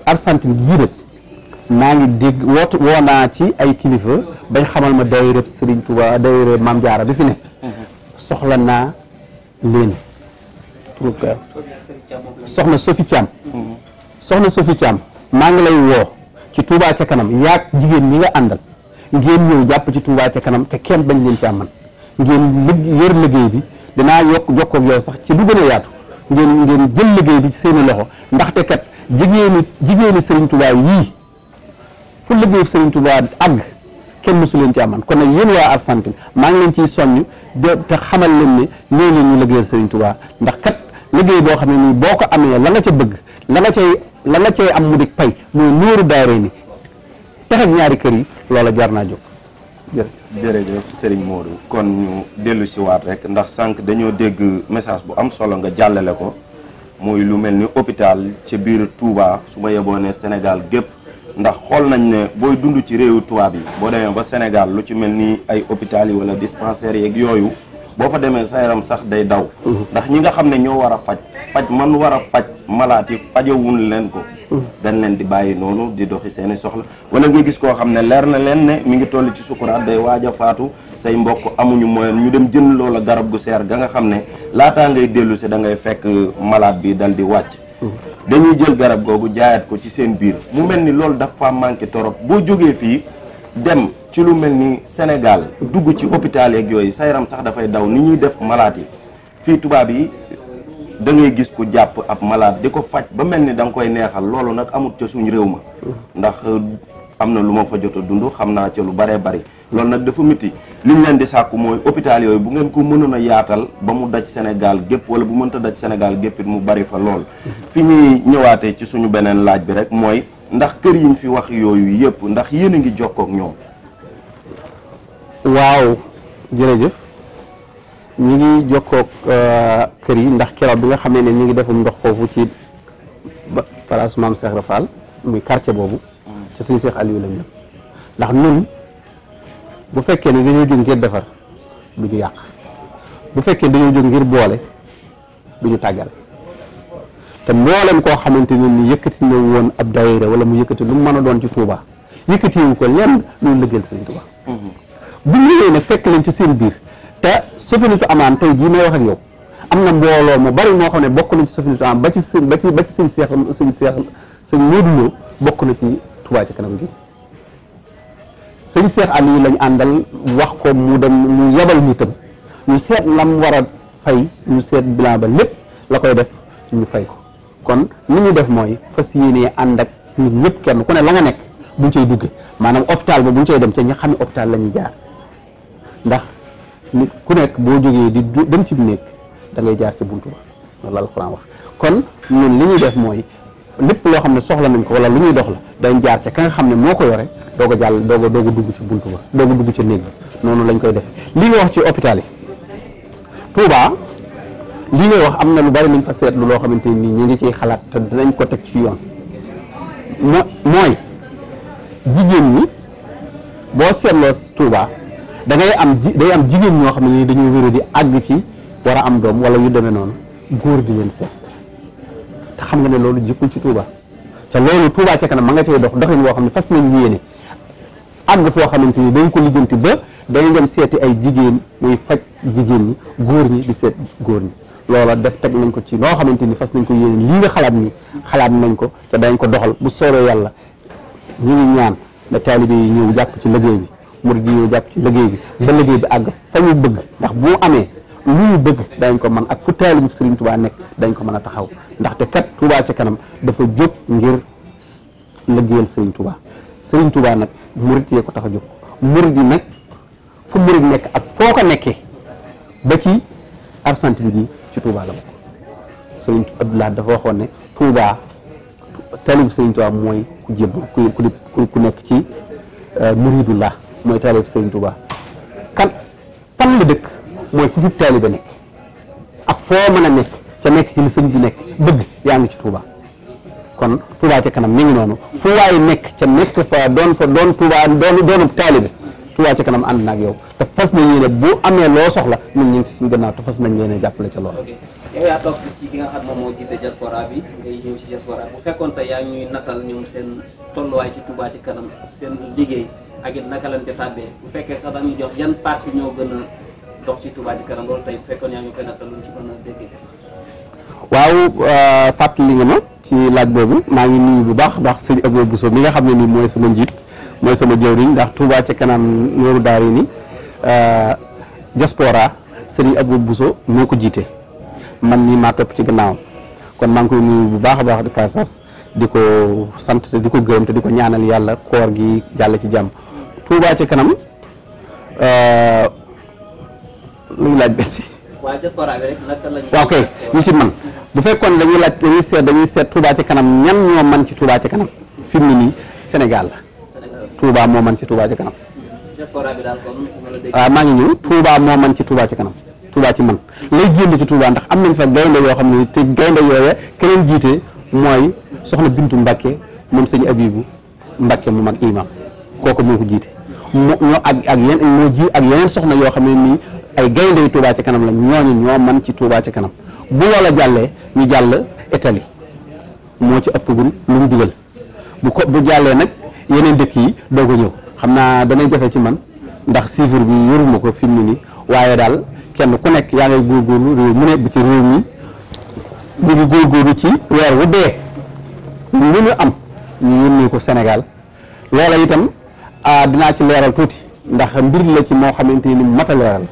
Argentine yii maa ngi dégg woot woo ci ay kilifa bañ xamal ma daayira Serigne Touba daayira Maam Jaara bi fi ne mhm. soxla naa leen soxna Sophie Thiam soxna Sophie Thiam maa ngi lay woo ci Touba ca kanam yaag jigéen ñi nga àndal ngeen ñëw jàpp ci Touba ca kanam te kenn bañ leen caa man ngeen lig yor liggéey bi dinaa yokk jokkoog yow sax ci lu gën ngeen ngeen jël liggéey bi ci loxo ndaxte kat jigéeni jigéeni Serigne Touba yii fu liggéey Serigne Touba àgg kenn mësu leen ci aman kon na yéen waa Argentine maa ngi leen ciy soññ te xamal leen ne ñëw leen ñu liggéeyal Serigne Touba ndax kat liggéey boo xam ne nii boo ko amee la nga ca bëgg la nga cay la nga cay am mu dik pay muy nuuru daare ni tax ñaari kër yi loola jar naa jóg jërëjëf Serigne Modou kon ñu dellu waat rek ndax sànq dañoo dégg message bu am solo nga jàllale ko muy lu mel ni hôpital ca biir Touba su ma yeboo ne Sénégal gépp ndax xool nañ ne booy dund ci réewu tubaab yi boo demee ba Sénégal lu ci mel ni ay hôpital yi wala dispensaires yeeg yooyu boo fa demee sa yaram sax day daw ndax ñi nga xam ne ñoo war a faj faj man war a faj malaat yi fajowuñ leen ko dañ leen di bàyyi noonu di doxi seeni soxla wala nga gis koo xam ne leer na leen ne mu ngi toll ci sukuraat day waaja faatu say mbokk amuñu moyen ñu dem jënd loola garab gu seer ga nga xam ne laataa ngay dellu si da ngay fekk malaat bi dal di wàcc dañuy jël garab googu jaayaat ko ci seen biir mu mel ni loolu dafa manqué torop boo jógee fii dem ci lu mel ni Sénégal dugg ci hôpital yeeg yooyu sa yaram sax dafay daw ni ñuy def malaat yi fii tubaab yi da ngay gis ku jàpp ab malaat di ko faj ba mel ni da nga koy neexal loolu nag amut ca suñu réew ma ndax am na lu ma fa jot dund xam naa ca lu baree bari loolu nag dafa métti li ñu leen di sàkku mooy hôpital yooyu bu ngeen ko mënoon a yaatal ba mu daj Sénégal gépp wala bu mënta daj Sénégal gépp mu bari fa lool fi ñuy ñëwaatee ci suñu beneen laaj bi rek mooy ndax kër yiñ fi wax yooyu yëpp ndax yéen a ngi jokkook ñoom. waaw jërëjëf ñu ngi jokkook euh, kër yi ndax keroog bi nga xam ne ñu ngi defum ndox foofu ci place Maam Cheikh Rafal muy quartier boobu. ci suñu Cheikh Aliou lañu ndax ñun bu fekkee ne dañuy jóg ngir defar du ñu yàq bu fekkee dañuy jóg ngir boole du tàggal. te mboolem koo xamante ne ni yëkkati na woon ab daayira wala mu yëkkati lu mu mën a doon ci Touba yëkkatiwu ko lenn loolu lëggeel sëñ Touba mm-hmm. bu ñëwee ne fekk leen ci seen biir te Safinatoul Amaan tey jii may wax am na mbooloo mu bari moo xam ne bokk na ci Safinatoul Amaan ba ci seen ba ci ba ci seen seex seen seex seen móoduloo na ci Touba ci kanam gi sëñ Seex Aliou lañ àndal wax ko mu dem mu yebal nitam ñu seet lam war a fay ñu seet bilan ba lépp la koy def ñu fay ko kon li ñu def mooy fas yéenee ànd ak ñun ñëpp kenn ku ne la nga nekk buñ cay dugg maanaam hôpital ba buñ cay dem ca ñi xam ne hôpital la ñuy jaar ndax nit ku nekk boo jógee di dem ci néeg da ngay jaar ci bunt ba loolu kon ñun li ñuy def mooy lépp loo xam ne soxla nañ ko wala lu ñuy dox la dañ jaar ca ka nga xam ne moo ko yore doo ko jàll doog a dugg ci buntu ba doog a dugg ca néeg bi noonu lañ koy def li wax ci hôpital yi Touba lii ngay wax am na lu bari nañ fa seetlu loo xamante ni ñu ngi ciy xalaat te dinañ ko teg ci yoon moo mooy jigéen ñi boo seetloo Touba da ngay am ji day am jigéen ñoo xam ne ni dañuy wéra di àgg ci war a am doom wala yu demee noonu góor di leen seet te xam nga ne loolu jikkul ci Touba te loolu Touba ca kanam ma nga cay dox doxin woo xam ne fas nañ yéene àgg foo xamante ni dañ ko lijjanti ba dañu dem seeti ay jigéen muy faj jigéen ñi góor ñi di seet góor ñi loola def teg nañ ko ci noo xamante ni fas nañ ko yéene lii nga xalaat ni xalaat nañ ko te dañ ko doxal bu sooree yàlla ñu ngi ñaan da taalibe yi ñëw jàpp ci liggéey bi murid yi ñëw jàpp ci liggéey bi ba liggéey bi àgg fa ñu bëgg ndax bu amee lu ñu bëgg dañ ko man ak fu taalibe bi Serigne nekk dañ ko mën a taxaw ndaxte kat Touba ci kanam dafa jóg ngir liggéeyal Serigne Touba sëriñ Touba nag murid yee ko tax a jóg murid yi nag fu murid nekk ak foo ko nekkee ba ci Argentine bi ci Touba la bokk sëriñ Abdoulaye dafa waxoon ne Touba taalib sëriñ Touba mooy ku jébb ku ku nekk ci euh, muridullah mooy taalib sëriñ Touba kan fan la dëkk mooy fu jub taalibe nekk ak foo mën a nekk ca nekk ci li sëñ bi nekk bëgg yaa ngi ci Touba kon Touba ca kanam mi ngi noonu fu waaye nekk ca nekk fa doon fa doon Touba doon doonub taalibe Touba ca kanam ànd na ak yow te fas nañ yéene bu amee loo soxla ñun ñu ngi ci suñu gannaaw te fas nañ yéene jàppale ca loolu. yow yaa toog nga xam ne moo jiite diaspora bi ngay ñëw ci diaspora bu fekkoon te yaa ñuy natal ñoom ci kanam seen liggéey ak naka lañ ca bu fekkee sax dañuy jox yan parti ñoo gën a dox ci Touba ci kanam loolu tey bu fekkoon yaa ñu koy natal luñ ci mën a déggee. waaw euh, fàttali nga ma ci laaj boobu maa ngi nuyu bu baax baax ndax sëñ Abdou Bousso mi nga xam ne nii mooy sama njiit mooy sama jëwriñ ndax Touba ca kanam nooru daari ni euh, diaspora Serigne Abou Bousso moo ko jiite man mii maa topp ci gannaawam kon maa ngi koy nuyu bu baax a baax de passage di ko sant te di ko gërëm te di ko ñaanal yàlla koor gi jàll ci jàmm Touba ca kanam euh, lu mu laaj bés waaw diaspora bi ñu ci man bu fekkoon dañuy laaj dañuy seet dañuy seet Touba ci kanam ñan ñoo man ci Touba ci kanam fi mu ne nii Sénégal Touba moo man ci Touba ci kanam waaw ah, maa ngi ñëw Touba moo man ci Touba ci kanam Touba ci man lay génn ndax am nañ fa gaynde yoo xam ne te gaynde yooya keneen jiite mooy soxna Bintu Mbacke moom sëñ Abibu Mbacke mu mag imam kooku moo ko jiite mu ñoo ak ak ji ak yeneen soxna yoo xam ne nii ay gaynde yu Touba ci kanam la ñooñu ñoo man ci Touba ci kanam bu loola jàllee ñu jàll Italie moo ci ëpp gun lu mu dugal bu jàllee nag yeneen dëkk yi doog a ñëw xam naa dana jafe ci man ndax chiffre bi yoruma ko fi mu nii waaye daal kenn ku nekk yaa ngay góorgóorlu réew mu bi ci réew mi ñu góor góorgóorlu ci weer wu dee lu am ñu yónnee ko Sénégal loola itam ah, dinaa ci leeral tuuti ndax mbir la ci moo xamante ni mat a leeral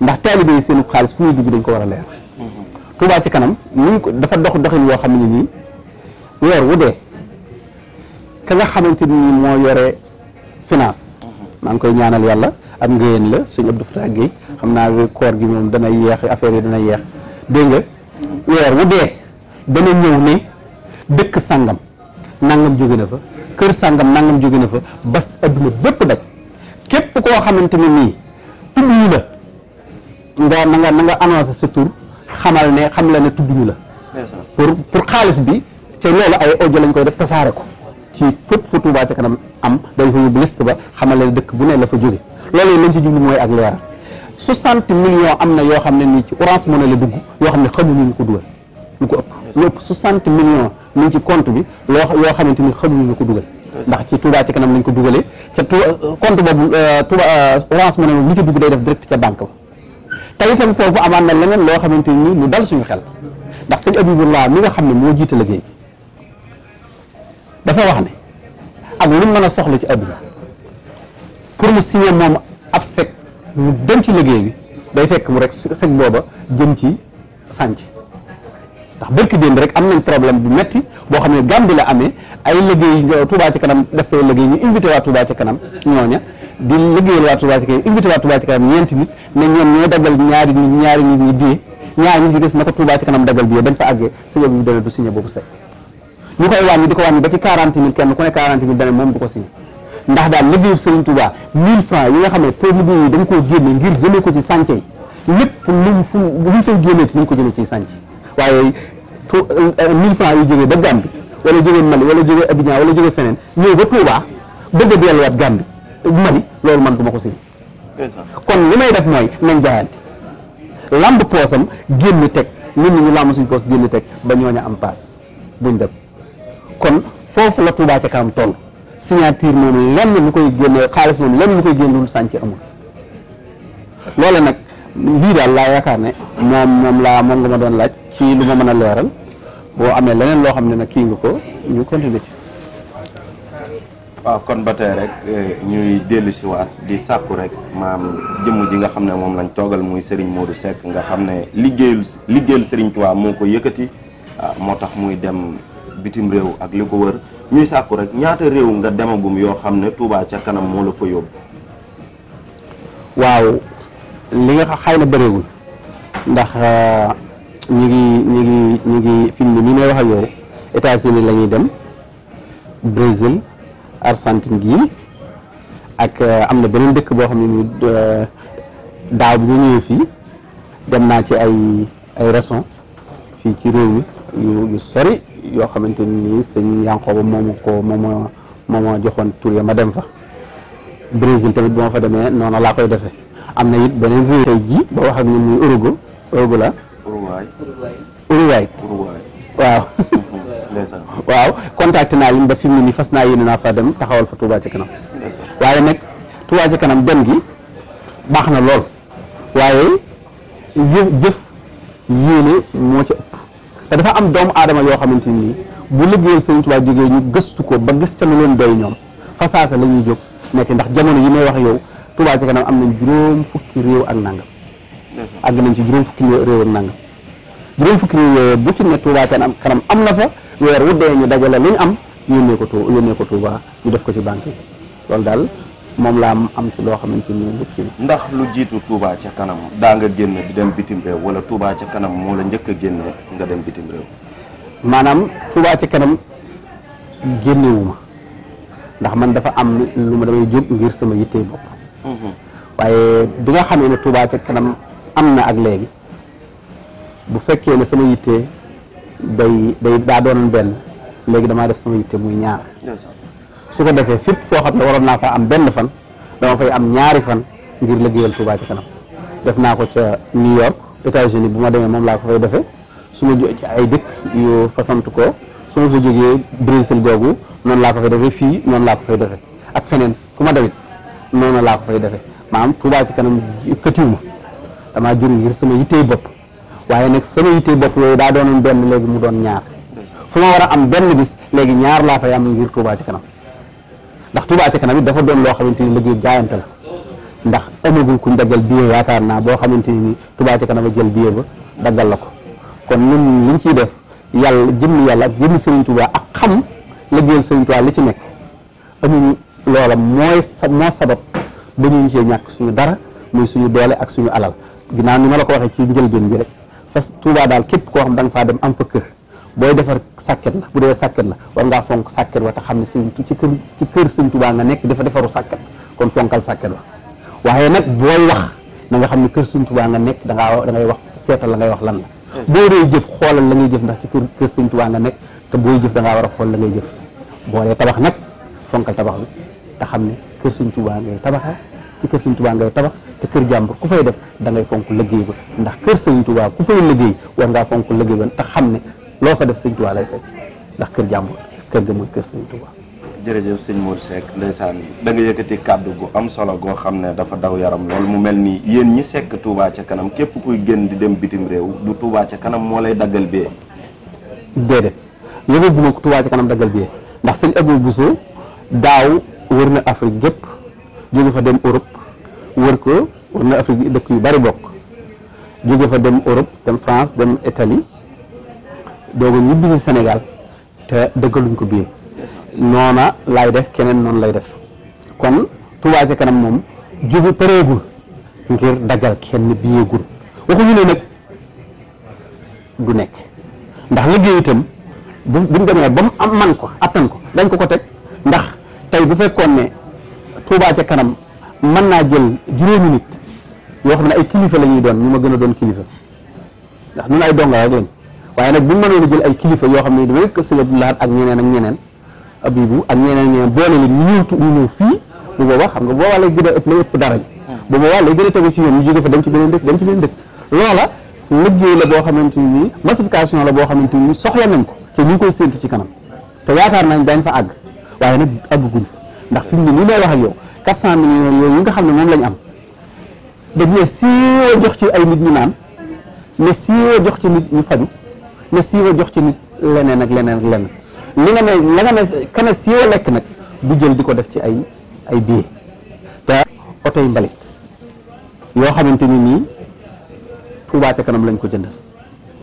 ndax taalibe yi seen xaalis fu ñuy dugg dañ ko war a leer mm-hmm. Touba ci kanam ñu ko dafa dox doxin yoo xam ne nii weer wu dee ka nga xamante ni moo yore finance maa ngi koy ñaanal yàlla am ngëyeen la suñu Abdou Fatah Guèye xam naa koor gi moom dana yeex affaire yi dana yeex dégg nga weer wu dee dana ñëw ne dëkk sàngam nangam jóge na fa kër sàngam nangam jóge na fa bas adduna bépp daj képp koo xamante ni nii tudd ñu la nga na nga na nga annoncé sa tur xamal ne xam la ne tudd ñu la pour xaalis bi ca loolu ay audio lañ koy def tasaare ko ci fépp fu Touba ca kanam am dañ fa yóbbu liste ba xamal leen dëkk bu nee la fa jóge loolu lañ ci jublu mooy ak leeral 60 million am na yoo xam ne nii ci Orange Money la dugg yoo xam ne xamuñu ñu ko dugal ñu ko ëpp lu ëpp 60 millions ci compte bi loo yoo xamante ni xamuñu ñu ko dugal ndax ci Touba ci kanam lañ ko dugalee ca compte boobu euh, Touba euh, Orange Money moom li ci dugg day def direct ca banque ba te itam foofu amaat na leneen loo xamante ni lu dal suñu xel ndax sëñ Abibullah mi nga xam ne moo jiite liggéey dafa wax ne ak lu mën a soxla ci àdduna pour mu signé moom ab sec mu dem ci liggéey bi day fekk mu rek sec booba jëm ci sànc ndax bërki démb rek am nañ problème bu metti boo xam ne Gàmbi la amee ay liggéey Touba ci kanam def fay liggéey ñu invité waa Touba ci kanam ñooña di liggéeyal waa Touba ci kanam invité waa Touba ci kanam ñeenti nit ne ñoom ñooy dagal ñaari nit ñaari nit ñi biyee ñaari ñi des na ko Touba ci kanam dagal biyee du signé boobu sec ñu koy wàññi di ko wàññi ba ci 40000 kenn ku ne 40000 dana moom du ko signé ndax daal liggéeyu Serigne Touba 1000 francs yi nga xam ne produit yi dañ koo génne ngir jëlee ko ci sànce yi lépp luñ fu luñ fay génnee nañ ko jëlee ci sànce waaye tu euh, 1000 euh, francs yu jógee ba Gambie wala jógee Mali wala jógee Abidjan wala jógee feneen ñëw ba Touba bëgg a delluwaat Gambie Mali loolu man du ma ko signé. kon li may def mooy nañ jaayante lamb poosam génn teg nit ñi ñu lamb suñ poos génn teg ba ñooñu am paas buñ def. kon foofu la Touba ca kanam toll signature moom lenn lu koy génne xaalis moom lenn lu koy génne lu sànc amul loolu nag lii daal laa yaakaar ne moom moom laa moom nga ma doon laaj ci lu ma mën a leeral boo amee leneen loo xam ne nag kii nga ko ñu continuer ci waaw kon ba tey rek eh, ñuy dellu si waat di sàkku rek maam jëmm ji nga xam ne moom lañ toogal muy Serigne Modou Seck nga xam ne liggéeyul liggéeyul Serigne Touba moo ko yëkkati ah, moo tax muy dem bitim réew ak li ko wër ñuy sàkku rek ñaata réew nga demagum yoo xam ne Touba ca kanam moo la fa yóbbu. waaw li nga xay na bëreewul ndax euh, ñu ngi ñu ngi ñu ngi film bi nii may wax ak yow États-Unis la ñuy dem Brésil Argentine gii ak euh, am na beneen dëkk boo xam ne ni euh, daaw bi ñu ñëwee fii dem naa ci ay ay raison fii ci réew mi yu sori yoo xamante ni sëñ Yankoba moomu ko moom moo joxoon tur ya ma dem fa. Brésil tamit bu ma fa demee noonu laa koy defee am na it beneen réew tey jii ba wax ak ñun muy Urugu Urugu la. Uruguay Uruguay. Uruguay waaw. waaw contact naa leen ba fi mu ni fas naa yéene naa fa dem taxawal fa Touba ci kanam. waaye nag Touba ci kanam dem gi baax na lool waaye yë jëf yéene moo ci te dafa am doomu aadama yoo xamante nii bu liggéeyal Sëriñ Tuubaa jógee ñu gëstu ko ba gis ca lu leen doy ñoom fa saasa la ñuy jóg nekk ndax jamono yi may wax yow Tuubaa ci kanam am nañ juróom fukki ak nangam àgg nañ ci juróom fukki réew ak nangam juróom fukki réew kanam am na fa weer wu dee ñu dajale lu am yónnee ko Tuubaa yónnee ko Tuubaa ñu def ko ci banque yi loolu daal moom laa am ci loo xamante ni wut ci ndax lu jiitu Touba ca kanam daa nga génn di dem bitim réew wala tuubaa ca kanam moo la njëkk a génne nga dem bitim réew maanaam Touba ca kanam génnewuma ndax man dafa am lu ma damay jóg ngir sama yittee bopp mhm. waaye bi nga xamee ne Touba ca kanam am na ak léegi bu fekkee ne sama yittee day day daa doonoon benn léegi damaa def sama yitte muy ñaar su ko defee fépp foo xam ne waroon naa fa am benn fan dama fay am ñaari fan ngir liggéeyal Touba ci kanam def naa ko ca New York États-Unis bu ma demee moom laa ko fay defe su ma ci ay dëkk yu fasantu ko su ma fa jógee Brésil googu noonu laa ko fay defee fii noonu laa ko fay defee ak feneen ku ma demit noonu laa ko fay defee maanaam Touba ci kanam këtiw ma damaa jur ngir sama yittey bopp waaye nag sama yittey bopp yooyu daa doonoon benn léegi mu doon ñaar fu ma am benn bis léegi ñaar laa fay am ngir Touba ci kanam ndax Touba ca kanam it dafa doon loo xamante ni liggéey jaayante la ndax amagul kuñ daggal billet yaakaar naa boo xamante ni Touba ca kanam a jël billet ba daggal la ko kon ñun liñ ciy def yàlla jëmm yàlla ak jëmm Serigne Touba ak xam liggéeyal Serigne Touba li ci nekk amuñu loola mooy moo sabab ba ñu cee ñàkk suñu dara muy suñu doole ak suñu alal naa ni ma la ko waxee ci njëlbeen bi rek fas Touba daal képp koo xam da nga faa dem am fa kër booy defar sàkket la bu dee sàkket na war ngaa fonk sàkket wa te xam ne sëñ ci kër ci kër sëñ Tuubaa nga nekk dafa defaru sàkket kon fonkal sàkket wa waaye nag booy wax na nga xam ne kër sëñ Tuubaa nga nekk da ngaa da ngay wax seetal la wax lan la boo xoolal la ngay jëf ndax ci kër kër sëñ Tuubaa nga nekk te booy jëf da war a xool la ngay jëf boo dee tabax nag fonkal tabax bi te xam ne kër sëñ Tuubaa ngay tabaxa ci kër sëñ Tuubaa ngay tabax te kër jàmbur ku fay def da ngay fonk liggéey ba ndax kër sëñ Tuubaa ku fay liggéey war ngaa fonk liggéey ba te xam ne loo fa def sëñ Tuubaa lay fekk ndax kër jàmbur kër ga muy kër sëñ Tuubaa jërëjëf sëñ Mor Seck ndeysaan da nga yëkkati kàddu gu am solo goo xam ne dafa daw yaram lool mu mel nii yéen ñi sekk Touba ca kanam képp kuy génn di dem bitim réew du tubaa ca kanam moo lay daggal bee déedéet yóbbu bu ma ko Touba ca kanam daggal bee ndax sëñ Abou Bousso daaw wër na Afrique gépp jóge fa dem Europe wër ko wër na Afrique dëkk yu bari bokk jóge fa dem Europe dem dem Italie doog a ñibbi senegal te dëggaluñ ko biir noona lay def keneen noonu lay def kon Touba ca kanam moom jógu pareegul ngir daggal kenn biyeegul waxuñu ne nag du nekk ndax liggéey itam bu buñ demee ba mu am man ko attan ko dañ ko ko teg ndax tey bu fekkoon ne Touba ca kanam mën naa jël juróomi nit yoo xam ne ay kilifa la ñuy doon ñu ma gën a doon kilifa ndax ñun ay donga rek lañ waaye nag bu ñu mënoon a jël ay kilifa yoo xam ne damay kër sëñ Abdou ak ñeneen ak ñeneen abibu ak ñeneen ak xam nga boobaa lay gën a ëpp lay ëpp dara fa dem ci beneen dëkk dem ci beneen dëkk loola liggéey la xamante ni massification la boo xamante ni soxla nañ ko te ñu koy séntu ci kanam te yaakaar nañ daañ fa àgg waaye nag àgguñ ndax fi mu ne nii may wax ak yow 400 millions yooyu nga xam ne moom lañ am dañ ne siiwoo jox ci ay nit ñu naan ne siiwoo jox ci nit ñu faju na siiwa jox ci nit leneen ak leneen ak leneen li nga ne la nga ne kana siiwa lekk nag du jël di ko def ci ay ay billet te oto mbalit yoo xamante ni nii Touba kanam lañ ko jëndal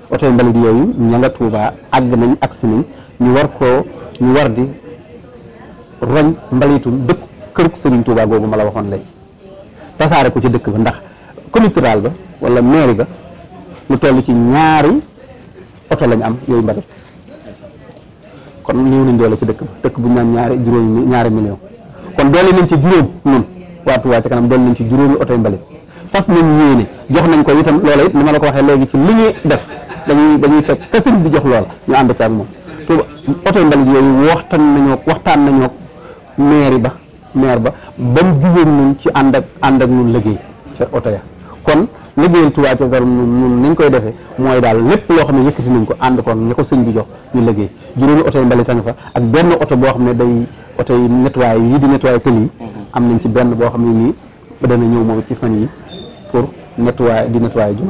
oto yi mbalit yooyu ña nga Touba àgg nañ agsi nañ ñu war koo ñu war di roñ mbalitum dëkk këruk Serigne Touba googu ma la waxoon léegi tasaare ko ci dëkk ba ndax comité rural ba wala mairie ba lu toll ci ñaari oto lañ am yooyu mbatit kon néew nañ doole ci dëkk ba dëkk bu ñu naan ñaari juróomi ñaari million kon doole nañ ci juróom ñun waa Touba ca kanam doole nañ ci juróomi oto yu mbalit fas nañ yéene jox nañ ko itam loola it ni ma la ko waxee léegi ci li ñuy def dañuy dañuy fekk kasin bi jox loola ñu ànd ci ak moom te oto yu mbalit yooyu waxtaan nañoo waxtaan nañoo maire ba maire ba ba mu jubóon ci ànd ak ànd ak ñun liggéey ca oto ya kon liggéeyal Touba ca kanam ñun ni ñu koy defee mooy daal lépp loo xam ne yëkkati nañ ko ànd ko ña ko sëñ bi jox ñu liggéey juróomi oto yi mbalit a fa ak benn oto boo xam ne day oto yi nettoyé yii yi mhm. am nañ ci benn boo xam ne nii dana ñëw moom ci fan yi pour nettoyé di nettoyé ji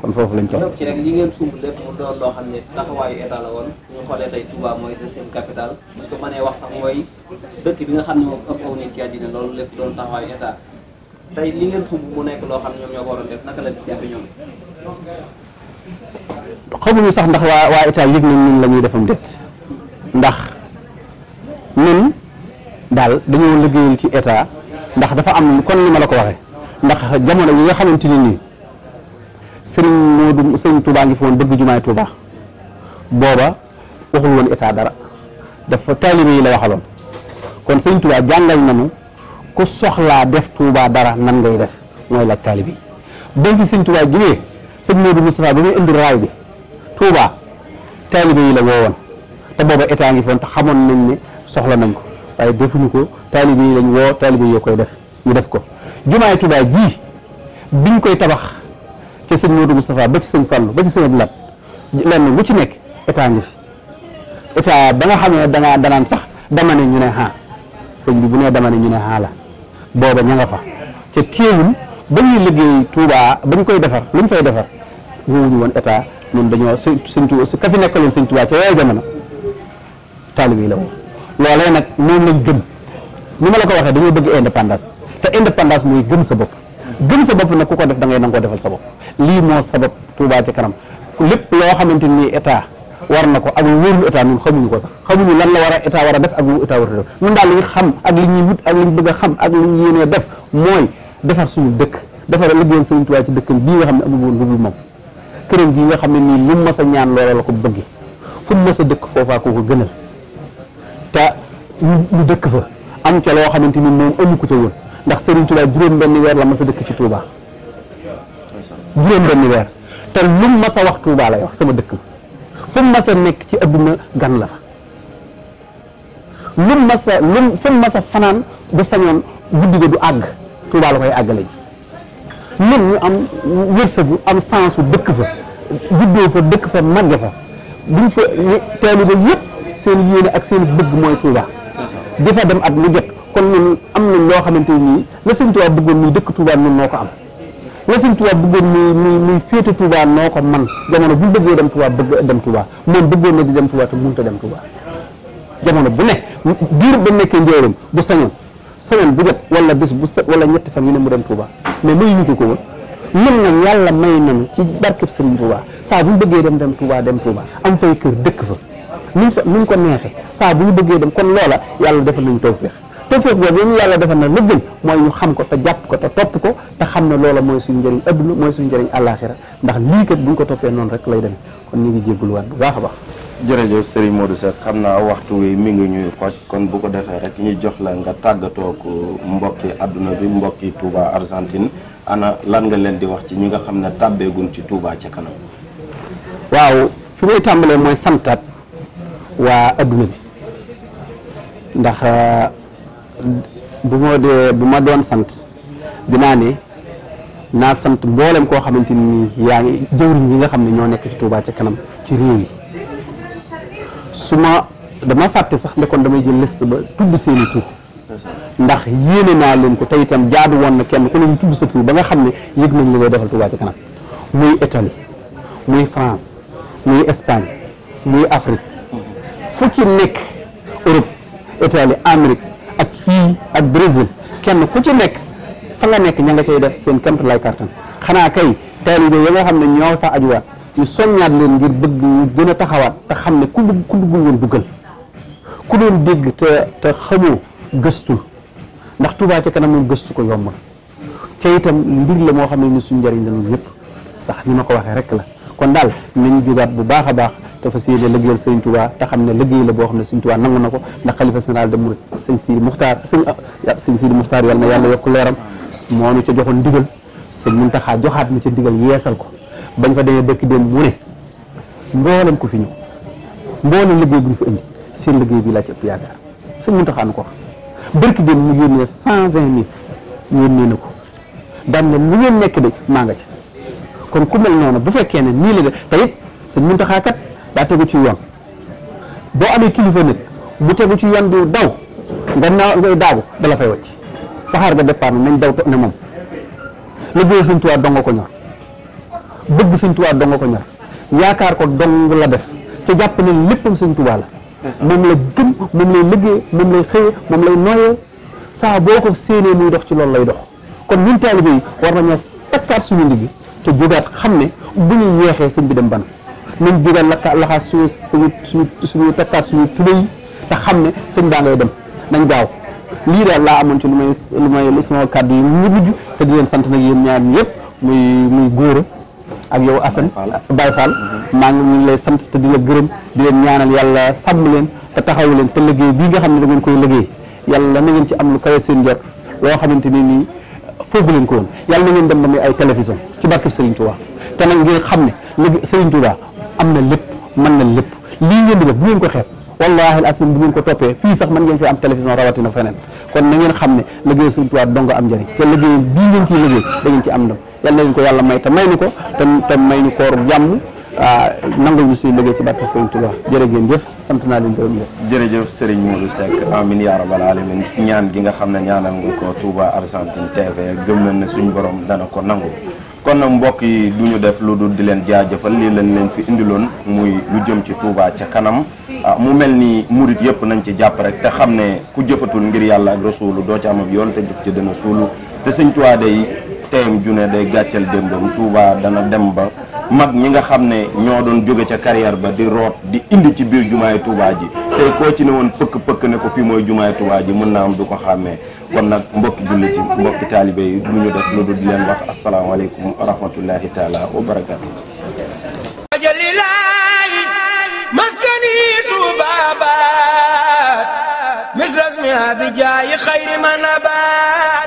kon foofu lañ toll ci rek li ngeen taxawaayu état la woon ñu xoolee tey Touba mooy deuxième capitale parce que mënee wax sax mooy dëkk bi nga xam ne moom ëpp aw nañ ci àddina loolu lépp doon taxawaayu état tey li xamuñu sax ndax waa waa état yëg nañ ñun la defam déet ndax ñun daal dañoo liggéeyal ci état ndax dafa am kon ni ma la ko waxee ndax jamono yi nga xamante ni nii sëriñ Modou sëriñ Touba ngi fi woon bëgg jumaay Touba booba waxul woon état dara dafa taalibe yi la waxaloon kon sëriñ Touba jàngal nañu ku soxlaa def Touba dara nan ngay def mooy laaj taalibe yi bañ fi sëñ Touba jógee sëñ ba indi raay bi Touba taalibe yi la woowoon te ngi foon xamoon nañ soxla nañ ko waaye ko taalibe yi lañ woo taalibe koy def ñu def ko jumaay Touba ji biñ koy tabax ca sëñ Modou Moustapha ba ci sëñ Fallou ba ci sëñ Abdou Lat ci nekk état ngi fi nga xam ne danaan sax dama ne ñu ne xaa sëñ bi bu nee dama ñu ne xaa la booba ña nga fa te téewul ba ñuy liggéey Touba ba ñu koy defar lu ñu fay defar woowuñu woon état ñun dañoo sëñ sëñ Touba ka fi nekkaloon sëñ Touba ca yooyu jamono taalibe yi la woon loolee nag moom lañ gën ni ma la ko waxee dañoo bëgg indépendance te indépendance mooy gën sa bopp gëm sa bopp nag ku ko def da ngay nangoo defal sa bopp lii moo sabab Touba ci kanam lépp loo xamante ni état war na ko ak lu wóorul état ñun xamuñu ko sax xamuñu lan la war a état war a def ak lu état war a def ñun daal li xam ak li ñuy wut ak li ñu bëgg a xam ak li ñu yéenee def mooy defar suñu dëkk defar liggéeyal Sëriñ Tuubaa ci dëkkam bii nga xam ne amul woon lu dul moom këram bii nga xam ne nii lu mas ñaan loola la ko bëgg fu mu mas a dëkk foofaa ko ko gënal dëkk fa am ca loo xamante ni moom ëmmu ko ca woon ndax Sëriñ Tuubaa juróom benni weer la mas a dëkk ci Tuubaa juróom benn weer te lu mas a wax Tuubaa lay wax sama dëkk fu mu mas a nekk ci adduna gan la fa lu mas a lu fu mu mas a fanaan bu sañoon guddi ga du àgg Tuubaa la koy àggale ji ñun ñu am wërsëgu am sensu dëkk fa juddoo fa dëkk fa màgg fa buñ fa taalibe yëpp seen yéene ak seen bëgg mooy Tuubaa di fa dem at mu jot kon ñun am nañ loo xamante nii la Sëñ Tuubaa bëggoon muy dëkk Tuubaa ñun noo ko am la sëñ Tuubaa bëggoon muy muy muy féete Tuubaa noo ko man jamono bu bëggee dem Tuubaa bëgg dem Tuubaa moom bëggoon na di dem Tuubaa dem Tuubaa jamono bu ne diir ba nekkee njëriñam bu sañoon wala bis bu set wala ñetti fan yu ne mu dem Tuubaa mais muy ko ko woon ñun nag yàlla may nañu ci barkeb sëriñ Tuubaa saa bu ñu bëggee dem dem Tuubaa dem Tuubaa am fay kër dëkk fa ni mu fa mu ko neexee saa bu ñu bëggee dem kon loola yàlla defal nañu tawfeex tawfeex boobu ñu yàlla defal na lëggal mooy ñu xam ko te jàpp ko te topp ko te xam ne loola mooy suñu njëriñ adduna mooy suñu njëriñ àllaaxira ndax lii kat bu ñu ko toppee noonu rek lay demee kon ñu ngi jégguluwaat bu baax a baax jërëjëf moo Modou Seck xam naa waxtu wi mi ngi ñuy xooj kon bu ko defee rek ñu jox la nga tàggatoo ko mbokki adduna bi mbokki Touba Argentine ana lan nga leen di wax ci ñi nga xam ne tàbbeegun ci Touba ca kanam waaw fi may tàmbalee bu ma dee bu ma doon sant dinaa ne naa sant mboolem koo xamante ni yaa ngi jëwriñ yi nga xam ne ñoo nekk ci Touba ci kanam ci réew yi su ma dama fàtte sax ne kon damay jël liste ba tudd seen i ndax yéene naa leen ko te itam jaadu woon na kenn ku ne ñu tudd sa tur ba nga xam ne yëg nañ la ngay defal Touba ca kanam muy Italie muy France muy Espagne muy Afrique fu nekk Europe Italie Amérique fii ak Brésil kenn ku ci nekk fa nga nekk ña nga cay def seen kéemtu lay kartan xanaa kay taalibe ya nga xam ne ñoo fa ajuwaat ñu soññaat leen ngir bëgg ñu gën a taxawaat te xam ne ku dugg ku duggul woon duggal ku doon dégg te te xamoo gëstul ndax Tuubaa ca kanam moom gëstu ko yomb na ca itam mbir la moo xam ne ni suñ njëriñ la ñun yëpp ndax ni ma ko waxee rek la kon daal nañ jugaat bu baax a baax te fas yéene liggéeyal sëriñ Tuubaa te xam ne liggéey la boo xam ne sëriñ Tuubaa nangu na ko ndax xalifa général de Mouride sëñ Sidi Muxtaar sëñ sëñ Sidi Muxtaar na yàlla yokk leeram moo nu ca joxoon ndigal sëñ Muntaxaa joxaat nu ca ndigal yeesal ko bañ fa demee dëkk démb mu ne mboolem ko fi ñëw mboolem liggéey bu ñu fa indi seen bi laa ci ëpp yaakaar sëñ Muntaxaa nu ko wax dëkk mu yónnee cent vingt mille yónnee na ko daan ne lu ngeen nekk de maa nga ci kon ku mel noonu bu fekkee ne nii la de te it mun Muntaxa daa tegu ci yoon boo amee kilifa nit bu tegu ci yoon di daw nga naaw ngay daagu dala fay wàcc saxaar nga départ nañ daw ne moom liggéey sëñ Tuubaa dong ko ñor bëgg sëñ Tuubaa dong ko ñor yaakaar ko dong la def te jàpp ne léppam sëñ Tuubaa la moom la gëm moom lay liggéey moom lay xëyee moom lay nooyee saa boo ko séenee muy dox ci loolu lay dox kon ñun taalibe yi war nañoo takkaat suñu liggéey te jógaat xam ne bu ñu yeexee sëñ bi dem ban nañ jógaat laka laxaas suñu suñu suñu suñu takkaat suñu tubéy te xam ne sëñ baa ngay dem nañ gaaw lii daal laa amoon ci lu may lu may sama kàddu yi mu mujj te di sant nag yéen ñaar yëpp muy muy góor ak yow Assane Baye Fall maa ngi ñu ngi lay sant te di la gërëm di leen ñaanal yàlla sàmm leen te taxaw leen te liggéey bii nga xam ne da ngeen koy liggéey yàlla na ngeen ci am lu kawe seen jot loo xamante ne nii foogu leen ko woon yàlla na ngeen dem ba muy ay télévision ci barke Serigne Touba te ngeen xam ne léegi Serigne Touba am na lépp mën na lépp lii ngeen di def bu ngeen ko xeeb wallahi alasim bu ngeen ko toppee fii sax mën ngeen fi am télévision rawatina feneen kon na ngeen xam ne liggéey Serigne Touba dong am njëriñ te liggéey bii ci am ndam yàlla na leen ko yàlla may te may ni ko te may ni koor jàmm Ah, nangal ñu suñu liggéey ci barke Sëriñ Tuubaa jërë ngeen jëf sant naa leen gërëm leen jërëjëf Serigne Modou Seck amin yaa rabbal alamin ñaan gi nga xam ne ñaanal nga ko tubaa Argentine TV gëm nañ ne suñu borom dana ko nangu kon nag mbokk yi du ñu def lu dul di leen jaajëfal lii lañ leen fi indiloon muy lu jëm ci Touba ca kanam ah, mu mel ni murit yëpp nañ ci jàpp rek te xam ne ku jëfatul ngir yàlla ak rasuulu doo ci am yoon te jëf ci dana suulu te sëñ Tuubaa day teyam june day gàcceel démbam Touba dana dem ba mag ñi nga xam ne ñoo doon jóge ca carrière ba di root di indi ci biir jumaay Touba ji tey ci ne woon pëkk pëkk ne ko fii mooy jumaay Touba ji mun na am du ko xàmmee kon nag mbokki julliti mbokki taalibe du ñu def lu dul di leen wax asalaamaaleykum wa rahmatullahi taala wa barakaatu jalilaayi maskani Touba